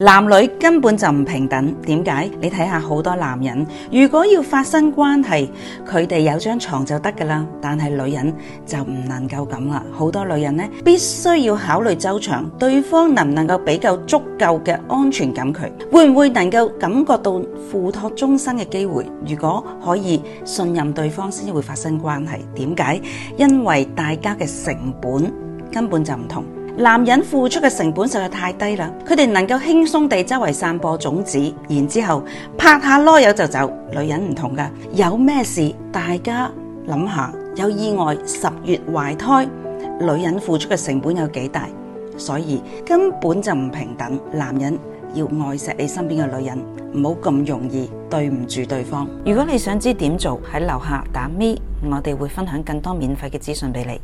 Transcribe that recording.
男女根本就唔平等，點解？你睇下好多男人，如果要發生關係，佢哋有張床就得噶啦。但係女人就唔能夠咁啦，好多女人呢，必須要考慮周詳，對方能唔能夠俾夠足夠嘅安全感，佢會唔會能夠感覺到付託終身嘅機會？如果可以信任對方，先至會發生關係。點解？因為大家嘅成本根本就唔同。男人付出嘅成本實在太低啦，佢哋能夠輕鬆地周圍散播種子，然之後拍下囉柚就走。女人唔同㗎，有咩事大家諗下。有意外十月懷胎，女人付出嘅成本有幾大，所以根本就唔平等。男人要愛惜你身邊嘅女人，唔好咁容易對唔住對方。如果你想知點做，喺樓下打 me，我哋會分享更多免費嘅資訊俾你。